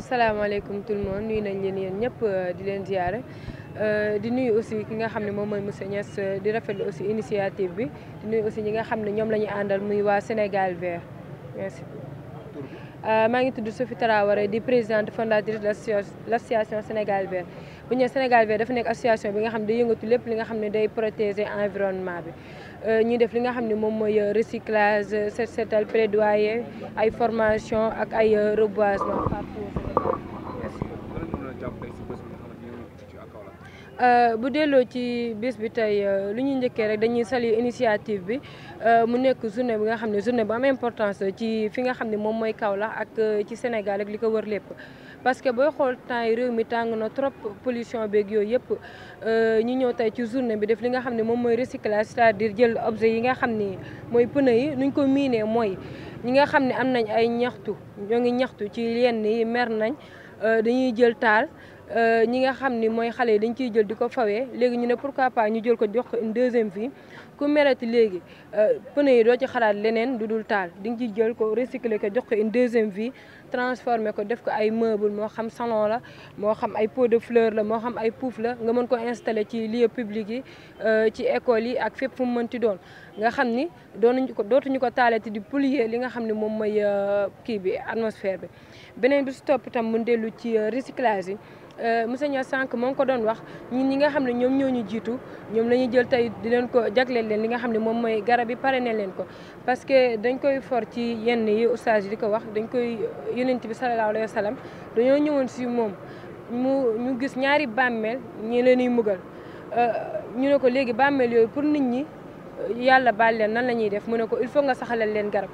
salaamaaleykum tout le monde nuyu nañ leen yéen ñëpp euh, di leen ziare euh, di nuyu aussi ki nga xam ne moom mooy monsieur Niass euh, di rafetlu aussi initiative bi di nuyu aussi ñi nga xam ne ñoom la ñu àndal muy waa Sénégal vert merci. maa ngi tudd Sophie Traoré di présidente fondatrice de l'association Sénégal vert bu ñu nee Sénégal vert dafa nekk association bi nga xam ne day yëngatu lépp li nga xam ne day protéger environnement bi ñuy def li nga xam ne moom mooy recyclage set setal plaidoyer ay formation ak ay Euh, bu delloo ci bis bi tey euh, lu ñuy njëkkee rek dañuy saluer initiative bi euh, mu nekk journée bi nga xam ne journée bu am importance ci fi nga xam ne moom mooy Kaolack ak ci Sénégal ak li ko wër lépp parce que booy xool temps yi réew mi tàng na trop pollution beeg yooyu yëpp ñu ñëw tey ci journée bi def li nga xam ne moom mooy recyclage c'est-à-dire jël objet yi nga xam ni mooy pneu yi nuñ ko miinee mooy ñi nga xam ne am nañ ay ñaxtu ñoo ngi ñaxtu ci yenn yi mer nañ Euh, dañuy jël taal euh, ñi nga xam ni mooy xale yi dañ ciy jël di ko fawee léegi ñu ne pourquoi pas ñu jël ko jox ko une deuxième ku merati léegi euh, pneu yi doo ci xalaat leneen du dul taal di nga ciy jël ko recycler ko jox ko une deuxième vie transformer ko def ko ay meuble moo xam salon la moo xam ay pot de fleur la moo xam ay pouf la nga mën ko installer ci lieu public yi euh, ci école yi ak fépp fu mën mënti doon nga xam ni doonuñu ko dootuñu ko taalati di polluer li nga xam ne moom mooy euh, kii bi atmosphère bi beneen bi si topp itam mu dellu ci recyclage yi monsieur Niass sànq moo ngi ko doon wax ñun ñi nga xam ne ñoom ñoo ñu jiitu ñoom la ñuy defal leen li nga xam ne moom mooy garab yi pare ne leen ko parce que dañ koy for ci yenn yi oustaz yi di ko wax dañ koy yonent bi salallaahu alayhi wa dañoo ñëwoon si moom mu ñu gis ñaari bàmmeel ñi leen mugal euh, ñu ne ko léegi bàmmeel yooyu pour nit ñi yàlla baal leen nan la ñuy def mu ne ko il faut nga saxalal leen garab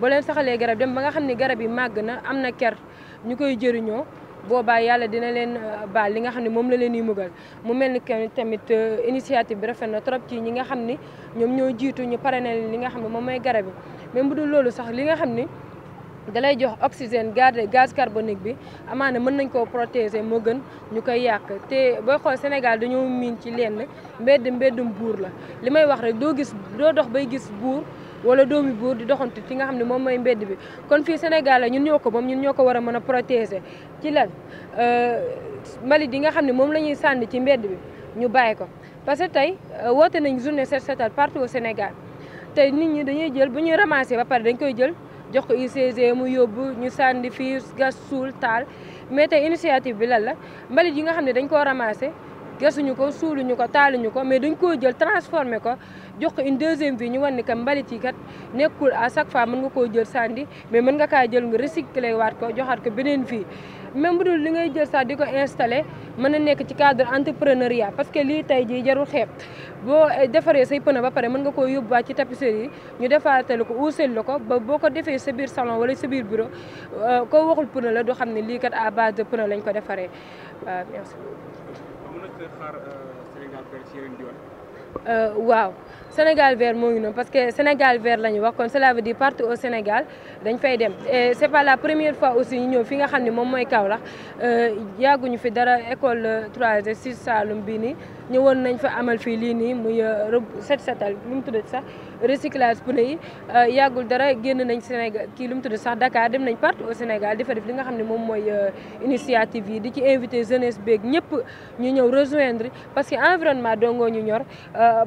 boo leen saxalee garab dem ba nga xam ne garab yi màgg na am na kert ñu koy jëriñoo boobaa yàlla dina leen euh, baal li nga xam ne moom la leen yi mugal mu mel ni que tamit euh, initiative bi rafet na trop ci ñi nga xam ni ñoom ñoo jiitu ñu pare parrainé li nga xam ne moom mooy garabi yi bu du loolu sax li nga xam ni dalay jox oxygène garde gaz carbonique bi amaana mën nañ koo protéger moo gën ñu koy yàq te booy xool Sénégal dañoo miin ci lenn mbedd mbeddum buur la li may wax rek doo gis doo dox bay gis buur wala doomi buur di doxantu ci nga xam ne moom mooy mbedd bi kon fii Sénégal la ñun ñoo ko moom ñun ñoo ko war a mën a protéger ci lan euh, mbalit yi nga xam ne moom la ñuy sànni ci mbedd bi ñu bàyyi ko parce que tey euh, woote nañ journée set setal partout au Sénégal tey nit ñi dañuy jël bu ñuy ramasser ba pare dañ koy jël jox ko UCG mu yóbbu ñu sànni fi gas suul taal mais tey initiative bi lan la mbalit yi nga xam ne dañ koo ramasser gësuñu ko suuluñu ko ñu ko mais dañ koo jël transformé ko jox ko une deuxième vie ñu wan ni que mbalit yi kat nekkul à chaque fois mën nga koo jël sànni mais mën nga kaa jël nga recyclé waat ko joxaat ko beneen vie même bu dul li ngay jël saa di ko installé mën na nekk ci cadre entrepreneuriat parce que lii tey jii jarul xeeb boo eh, defaree say pneu ba pare mën nga koo yóbbuwaat ci tapisserie yi ñu defaatale ko uusal la ko ba boo ko defee sa biir salon wala sa biir bureau euh, koo waxul pneu la du xam ne lii kat à base de pneu lañ ko defaree Euh, waaw Sénégal vert moo ngi noonu parce que Sénégal vert la ñu wax kon cela veut dire partout au Sénégal dañ fay dem et c'est pas la première fois aussi ñu ñëw fi nga xam ne moom mooy Kaolack euh, yàgguñu fi dara école 3 de Sine Saloum bii nii. ñëwoon nañ fa amal fii lii nii muy euh, set setal lu mu tudd sax recyclage pneu yi euh, yàggul dara génn nañ Sénégal kii lu mu tudd sax Dakar dem nañ part au Sénégal di def li nga xam ne moom mooy euh, initiative yi di ci invité jeunesse beeg ñëpp ñu ñëw rejoindre parce que environnement dongoo ñu ñor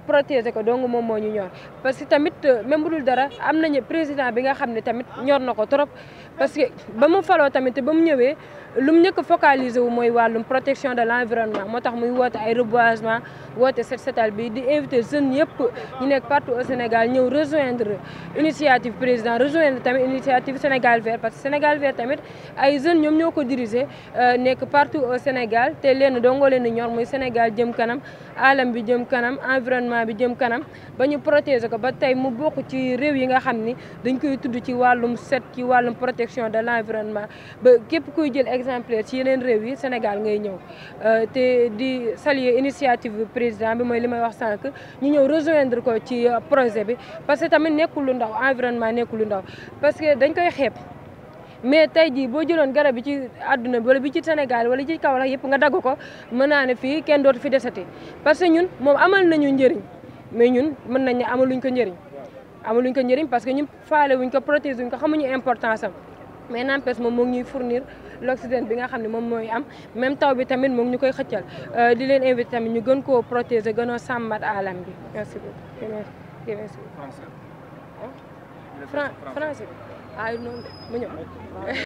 protégé ko dong moom moo ñu ñor parce que tamit même bu dul dara am nañu président bi nga xam ne tamit ñor na ko trop parce que ba mu faloo tamit ba mu ñëwee lu mu njëkk focaliser wu mooy wàllum protection de l'environnement moo tax muy woote ay reboisement engagement woote set setal bi di invité jeunes yëpp ñu nekk partout au Sénégal ñëw rejoindre initiative président rejoindre tamit initiative Sénégal vert parce que Sénégal vert tamit ay jeunes ñoom ñoo ko diriger euh, nekk partout au Sénégal te leen dongoo leen di ñor muy Sénégal jëm kanam alam bi jëm kanam environnement bi jëm kanam ba ñu protéger ko ba tey mu bokk ci réew yi nga xam ni dañ koy tudd ci wàllum set ci wàllum protection de l'environnement ba képp kuy jël exemplaire ci yeneen réew yi Sénégal ngay ñëw euh, initiative bi président bi mooy li may wax sànq ñu ñëw rejoindre ko ci euh, projet bi parce que tamit nekkul lu ndaw environnement nekkul lu ndaw parce que dañ koy xeeb mais tey jii boo jëloon garab bi ci àdduna bi wala bi ci Sénégal wala ci Kaolack yëpp nga dagg ko mën naa ne fii kenn dootu fi desati parce que ñun moom amal nañu njëriñ mais ñun mën nañ ne amaluñ ko njëriñ amaluñ ko njëriñ parce que ñun faale wuñ ko protéger wuñ ko xamuñu importance mais n'empêche moom moo ngi ñuy fournir l'oxygène bi nga xam ne moom mooy am même taw bi tamit moo ñu koy xëccal euh, di leen invité tamit ñu gën koo protéger gën a sàmmat alam bi merci beaucoup français français ay ah, noonu mu ñëw